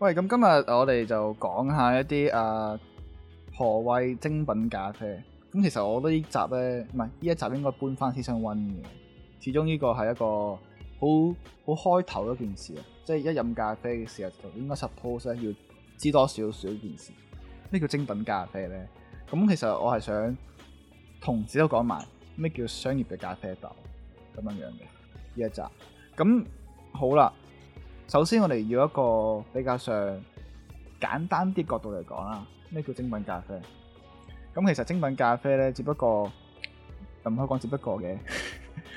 喂，咁今日我哋就講下一啲啊，何謂精品咖啡。咁其實我覺得呢集咧，唔係呢一集應該搬翻 season one 嘅。始終呢個係一個好好開頭一件事啊，即係一飲咖啡嘅時候就應該 suppose 咧要知多少少件事。咩叫精品咖啡咧？咁其實我係想同時都講埋咩叫商業嘅咖啡豆咁樣樣嘅呢一集。咁好啦。首先，我哋要一個比較上簡單啲角度嚟講啦。咩叫精品咖啡？咁其實精品咖啡咧，只不過，唔可以講只不過嘅。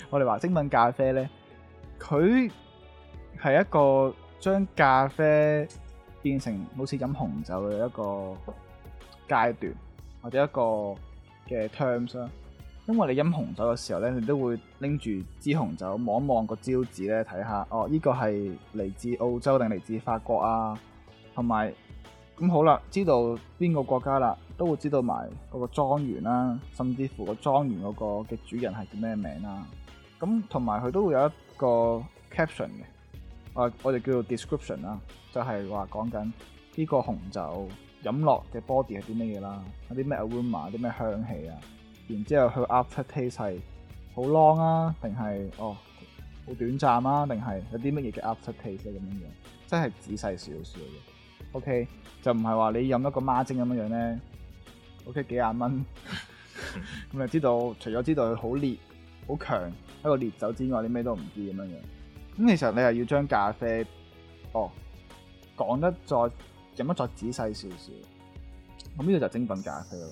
我哋話精品咖啡咧，佢係一個將咖啡變成好似飲紅酒嘅一個階段或者一個嘅 terms 啦。因為你飲紅酒嘅時候咧，你都會拎住支紅酒望一望個招紙咧，睇下哦，呢、這個係嚟自澳洲定嚟自法國啊，同埋咁好啦，知道邊個國家啦，都會知道埋嗰個莊園啦，甚至乎嗰個莊園嗰個嘅主人係叫咩名啦、啊，咁同埋佢都會有一個 caption 嘅，我我哋叫做 description 啦，就係話講緊呢個紅酒飲落嘅 body 係啲咩嘢啦，有啲咩 aroma，啲咩香氣啊。然之後佢 after taste 係好 long 啊，定係哦好短暫啊，定係有啲乜嘢嘅 after taste 咁樣樣，即係仔細少少嘅。OK，就唔係話你飲一個孖精咁樣樣咧。OK，幾廿蚊咁就知道，除咗知道佢好烈、好強一個烈酒之外，你咩都唔知咁樣樣。咁其實你係要將咖啡，哦講得再飲得再仔細少少，咁呢個就係精品咖啡咯。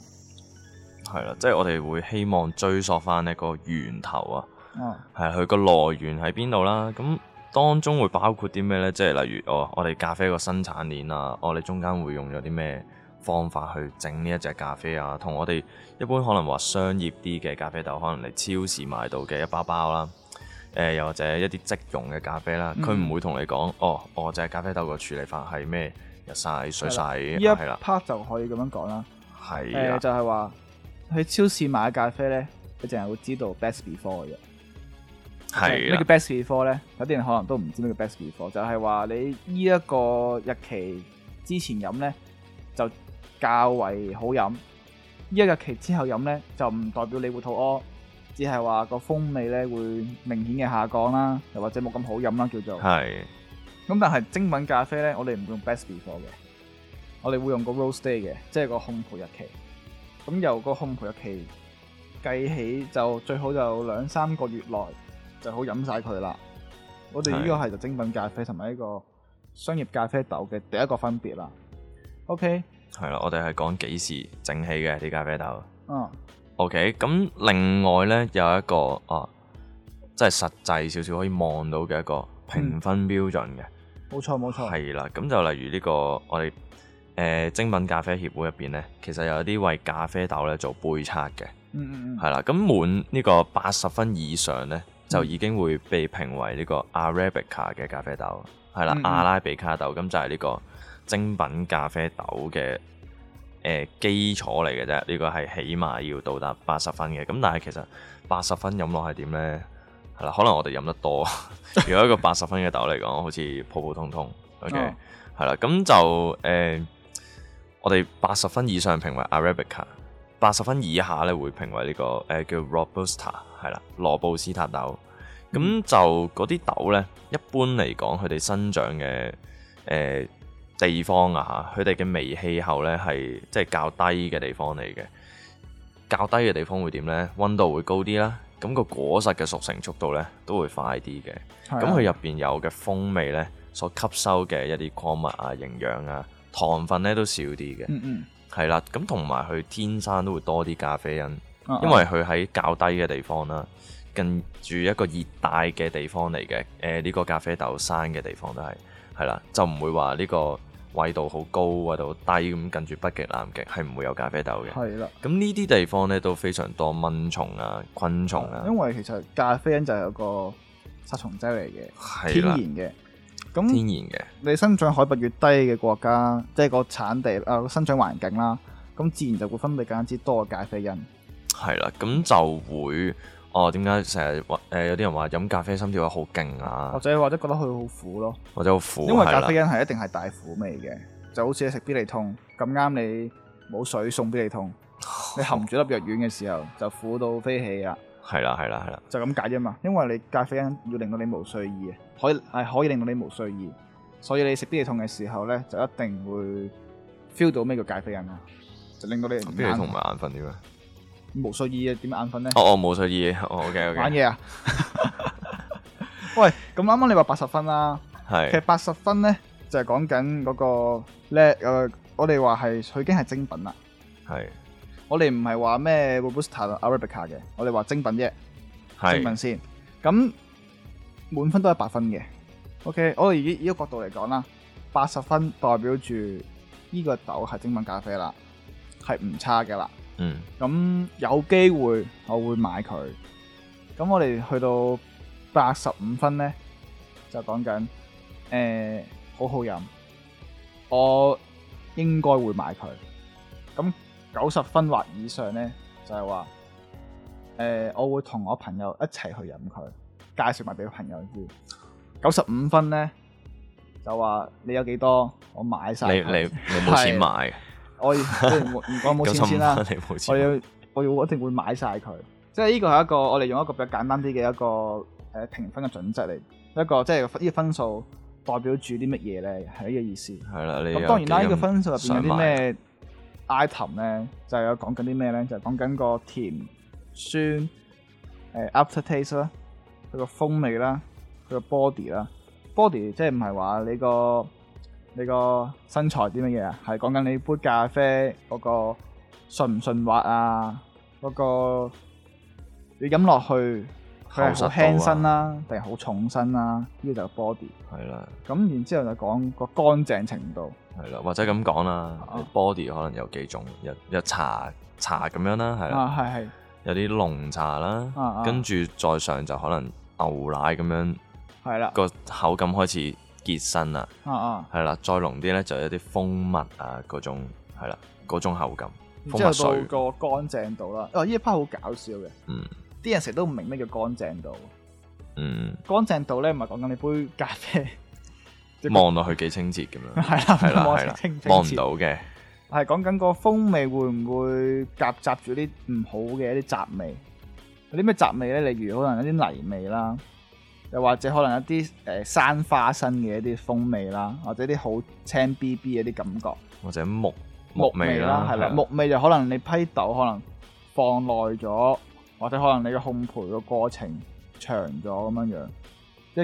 係啦，即係我哋會希望追溯翻呢個源頭啊，係、嗯、佢、個來源喺邊度啦。咁當中會包括啲咩呢？即係例如、哦、我我哋咖啡個生產鏈啊，我、哦、哋中間會用咗啲咩方法去整呢一隻咖啡啊？同我哋一般可能話商業啲嘅咖啡豆，可能你超市買到嘅一包包啦，誒、呃，又或者一啲即溶嘅咖啡啦，佢唔會同你講、嗯，哦，我隻咖啡豆嘅處理法係咩日曬水曬，係啦 part 就可以咁樣講啦。係，欸、就係話。去超市買咖啡咧，佢淨係會知道 best before 嘅。係咩、啊、叫 best before 咧？有啲人可能都唔知咩叫 best before，就係話你呢一個日期之前飲咧，就較為好飲；呢、這、一個日期之後飲咧，就唔代表你會肚屙，只係話個風味咧會明顯嘅下降啦，又或者冇咁好飲啦，叫做係。咁、啊、但係精品咖啡咧，我哋唔會用 best before 嘅，我哋會用個 roast date 嘅，即係個烘焙日期。咁由個烘焙日期計起，就最好就兩三個月內就好飲晒佢啦。我哋呢個係就精品咖啡同埋呢個商業咖啡豆嘅第一個分別啦。OK，係啦，我哋係講幾時整起嘅啲咖啡豆。嗯、啊、OK，咁另外咧有一個啊，即係實際少少可以望到嘅一個評分標準嘅。冇、嗯、錯，冇錯。係啦，咁就例如呢、呢個我哋。誒精品咖啡協會入邊咧，其實有啲為咖啡豆咧做杯測嘅，嗯嗯嗯，係啦，咁滿呢個八十分以上咧，mm-hmm. 就已經會被評為呢個 Arabica 嘅咖啡豆，係啦，mm-hmm. 阿拉比卡豆咁就係呢個精品咖啡豆嘅誒、呃、基礎嚟嘅啫，呢、這個係起碼要到達八十分嘅，咁但係其實八十分飲落係點咧？係啦，可能我哋飲得多， 如果一個八十分嘅豆嚟講，好似普普通通，OK，係、oh. 啦，咁就誒。呃我哋八十分以上評為 Arabica，八十分以下咧會評為呢、這個誒、呃、叫做 Robusta，係啦，羅布斯塔豆。咁、嗯、就嗰啲豆咧，一般嚟講佢哋生長嘅、呃、地方啊，佢哋嘅微氣候咧係即係較低嘅地方嚟嘅。較低嘅地方會點咧？溫度會高啲啦、啊。咁個果實嘅熟成速度咧都會快啲嘅。咁佢入面有嘅風味咧，所吸收嘅一啲礦物啊、營養啊。糖分咧都少啲嘅，係嗯啦嗯，咁同埋佢天生都會多啲咖啡因，啊、因為佢喺較低嘅地方啦，近住一個熱帶嘅地方嚟嘅。誒、呃、呢、這個咖啡豆山嘅地方都係，係啦，就唔會話呢個緯度好高緯度好低咁，近住北極南極係唔會有咖啡豆嘅，係啦。咁呢啲地方咧都非常多蚊蟲啊、昆蟲啊，因為其實咖啡因就係有個殺蟲劑嚟嘅，天然嘅。咁天然嘅，你生長海拔越低嘅國家，即係個產地啊個生長環境啦，咁自然就會分泌更加之多嘅咖啡因。係啦，咁就會哦？點解成日話誒有啲人話飲咖啡心跳好勁啊？或者或者覺得佢好苦咯？或者好苦？因為咖啡，是咖啡因係一定係大苦味嘅，就好似食必理痛咁啱你冇水送必理痛，你含住粒藥丸嘅時候就苦到飛起啊！係啦，係啦，係啦，就咁解啫嘛。因為你咖啡因要令到你無睡意嘅，可以係可以令到你無睡意，所以你食必理痛嘅時候咧，就一定會 feel 到咩叫咖啡因啊，就令到你鼻利痛同埋眼瞓點啊？無睡意啊？點眼瞓咧？哦，無睡意，OK OK。玩嘢啊？喂，咁啱啱你話八十分啦，係，其實八十分咧就係講緊嗰個叻誒，我哋話係佢已經係精品啦，係。我哋唔係話咩 Robusta、Arabica 嘅，我哋話精品啫，精品先。咁滿分都係八分嘅。OK，我哋以呢個角度嚟講啦，八十分代表住呢個豆係精品咖啡啦，係唔差嘅啦。嗯。咁有機會我會買佢。咁我哋去到八十五分咧，就講緊誒，呃、好好飲，我應該會買佢。咁。九十分或以上咧，就係話，誒，我會同我朋友一齊去飲佢，介紹埋俾朋友知。九十五分咧，就話你有幾多我有，我買晒。你你冇錢買，我唔唔講冇錢先啦。 你冇錢我要我要一定會買晒佢，即係呢個係一個我哋用一個比較簡單啲嘅一個誒評分嘅準則嚟，一個即係呢個分數代表住啲乜嘢咧？係呢個意思。係啦，你。咁當然啦，呢個分數入邊有啲咩？item 咧就有講緊啲咩咧？就講、係、緊、就係、個甜酸、欸、after taste 啦，佢個風味啦，佢個 body 啦。body 即係唔係話你個你個身材啲乜嘢啊？係講緊你杯咖啡嗰個順唔順滑啊，嗰、嗰個你飲落去係好輕身啦，定係好重身啦？呢、呢個就係 body。係啦。咁然之後就講個乾淨程度。係啦，或者咁講啦，body 可能有幾種，有有茶茶咁樣啦，係啦，係係，有啲、uh-uh. 濃茶啦，跟、uh-uh. 住再上就可能牛奶咁樣，係啦，個口感開始結身啦，啊係啦，再濃啲咧就有啲蜂蜜啊嗰種，係啦，嗰種口感，之、嗯、後水到個乾淨度啦，哦呢一 part 好搞笑嘅，嗯，啲人成日都唔明咩叫乾淨度，嗯，乾淨度咧唔係講緊你杯咖啡。望落去幾清潔咁樣，係 啦，係啦，係啦，望唔到嘅。係講緊個風味會唔會夾雜住啲唔好嘅一啲雜味？有啲咩雜味咧？例如可能有啲泥味啦，又或者可能一啲誒、呃、山花生嘅一啲風味啦，或者啲好青 B B 嘅一啲感覺，或者木木，木味啦，係啦，木味就可能你批豆可能放耐咗，或者可能你個烘焙個過程長咗咁樣樣。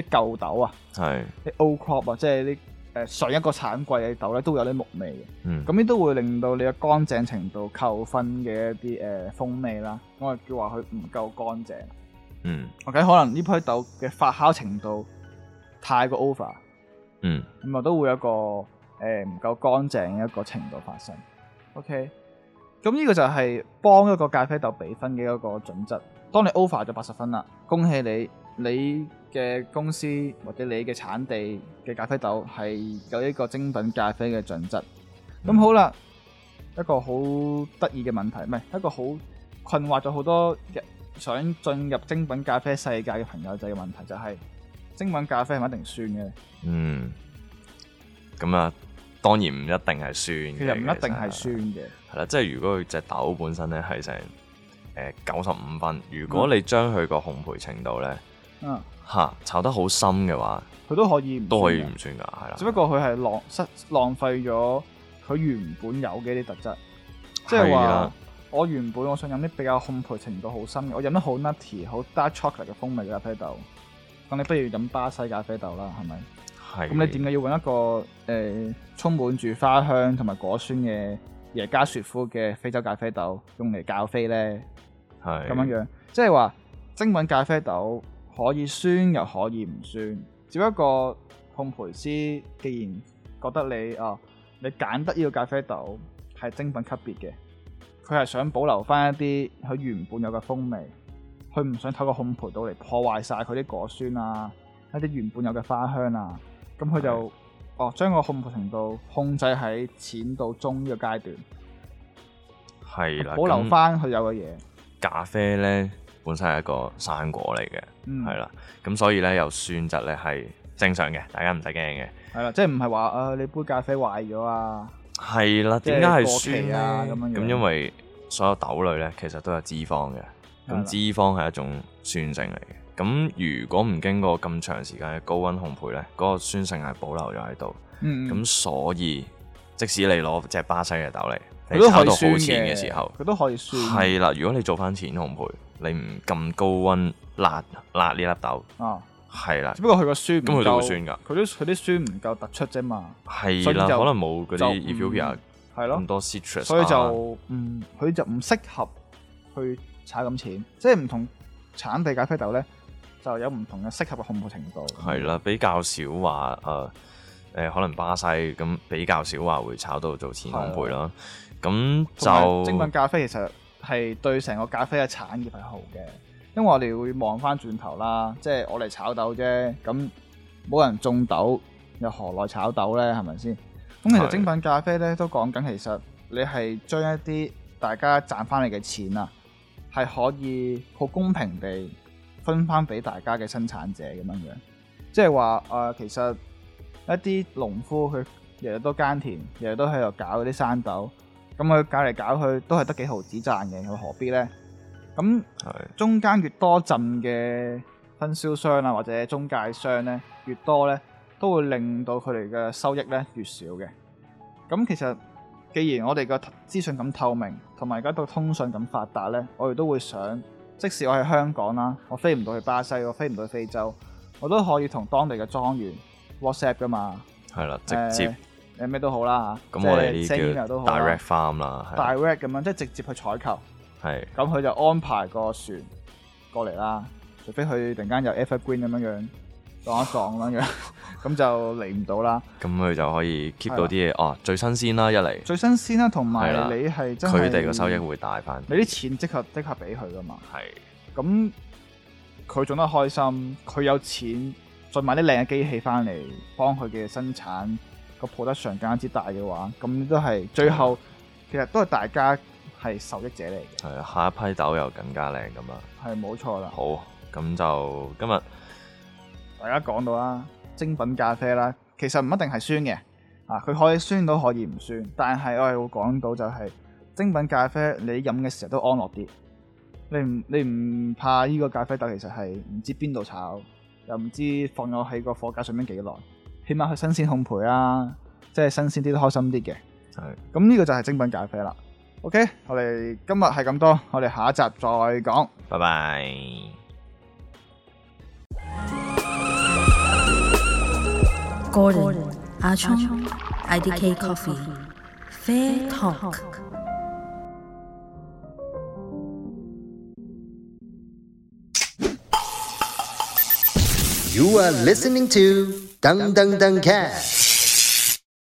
啲舊豆啊，係啲 old crop 啊，即係啲誒上一個產季嘅豆咧，都會有啲木味嘅。嗯，咁呢都會令到你嘅乾淨程度扣分嘅一啲誒、呃、風味啦。我係叫話佢唔夠乾淨。嗯，我、okay, 睇可能呢批豆嘅發酵程度太過 over。嗯，咁啊都會有一個誒唔夠乾淨嘅一個程度發生。O K，咁呢個就係幫一個咖啡豆俾分嘅一個準則。當你 over 咗八十分啦，恭喜你，你。嘅公司或者你嘅產地嘅咖啡豆係有一個精品咖啡嘅準則。咁、嗯、好啦，一個好得意嘅問題，唔係一個好困惑咗好多想進入精品咖啡世界嘅朋友仔嘅問題，就係、是、精品咖啡係咪一定酸嘅？嗯，咁啊，當然唔一定係酸嘅。其實唔一定係酸嘅。係啦，即係如果佢隻豆本身咧係成誒九十五分，如果你將佢個烘焙程度咧。嗯嗯、啊，嚇炒得好深嘅話，佢都可以唔都可以唔算噶，係啦。只不過佢係浪失浪費咗佢原本有嘅一啲特質。即係話，我原本我想飲啲比較烘焙程度好深嘅，我飲得好 nutty、好 dark chocolate 嘅風味嘅咖啡豆。咁你不如飲巴西咖啡豆啦，係咪？係。咁你點解要揾一個誒、呃、充滿住花香同埋果酸嘅耶加雪夫嘅非洲咖啡豆用嚟搞啡咧？係。咁樣樣，即係話精品咖啡豆。可以酸又可以唔酸，只不過烘焙師既然覺得你啊、哦，你揀得呢個咖啡豆係精品級別嘅，佢係想保留翻一啲佢原本有嘅風味，佢唔想透過烘焙度嚟破壞晒佢啲果酸啊，一啲原本有嘅花香啊，咁佢就哦將個烘焙程度控制喺淺到中呢個階段，係啦，保留翻佢有嘅嘢。咖啡呢，本身係一個生果嚟嘅，係、嗯、啦，咁所以呢，有酸質呢係正常嘅，大家唔使驚嘅。係啦，即係唔係話啊，你杯咖啡壞咗啊？係啦，點解係酸啊？咁樣咁，因為所有豆類呢，其實都有脂肪嘅。咁脂肪係一種酸性嚟嘅。咁如果唔經過咁長時間嘅高溫烘焙呢，嗰、那個酸性係保留咗喺度。咁、嗯、所以，即使你攞隻巴西嘅豆嚟，你炒到好淺嘅時候，佢都可以酸。係啦，如果你做翻淺烘焙。你唔咁高溫辣辣呢粒豆啊，係啦，只不過佢個酸唔咁佢都會酸噶，佢啲佢啲酸唔夠突出啫嘛，係啦，可能冇嗰啲 Ethiopia 係咯咁多 citrus，所以就唔佢、啊嗯、就唔適合去炒咁淺，即係唔同產地咖啡豆咧就有唔同嘅適合嘅烘焙程度。係啦，比較少話、呃呃呃、可能巴西咁比較少話會炒到做淺烘焙啦。咁就精品咖啡其實。係對成個咖啡嘅產業係好嘅，因為我哋會望翻轉頭啦，即係我哋炒豆啫，咁冇人種豆又何來炒豆呢？係咪先？咁其實精品咖啡呢都講緊，其實你係將一啲大家賺翻嚟嘅錢啊，係可以好公平地分翻俾大家嘅生產者咁樣樣，即係話誒，其實一啲農夫佢日日都耕田，日日都喺度搞嗰啲生豆。咁佢搞嚟搞去都係得幾毫子賺嘅，佢何必呢？咁中間越多層嘅分銷商啊，或者中介商呢，越多呢，都會令到佢哋嘅收益呢越少嘅。咁其實，既然我哋嘅資訊咁透明，同埋而家對通訊咁發達呢，我哋都會想，即使我喺香港啦，我飛唔到去巴西，我飛唔到去非洲，我都可以同當地嘅莊園 WhatsApp 噶嘛。係啦，直接。呃誒，咩都好啦，咁我哋 e 都好 direct farm 啦，direct 咁樣，即係直接去採購，咁佢就安排個船過嚟啦。除非佢突然間有 evergreen 咁樣樣撞一撞咁樣，咁 就嚟唔到啦。咁佢就可以 keep 到啲嘢哦，最新鮮啦，一嚟最新鮮啦，同埋你係真係佢哋個收益會大翻，你啲錢即刻即刻俾佢噶嘛。係，咁佢做得開心，佢有錢再買啲靚嘅機器翻嚟幫佢嘅生產。破得上更加之大嘅話，咁都係最後，其實都係大家係受益者嚟嘅。係啊，下一批豆又更加靚噶嘛。係冇錯啦。好，咁就今日大家講到啦，精品咖啡啦，其實唔一定係酸嘅，啊，佢可以酸都可以唔酸，但係我係會講到就係、是、精品咖啡，你飲嘅時候都安樂啲。你唔你唔怕呢個咖啡豆其實係唔知邊度炒，又唔知放咗喺個貨架上面幾耐。起碼佢新鮮烘焙啊，即係新鮮啲都開心啲嘅。係，咁呢個就係精品咖啡啦。OK，我哋今日係咁多，我哋下一集再講，拜拜。Gordon 阿聰 IDK Coffee Fair Talk。You are listening to。燈登登 Cast。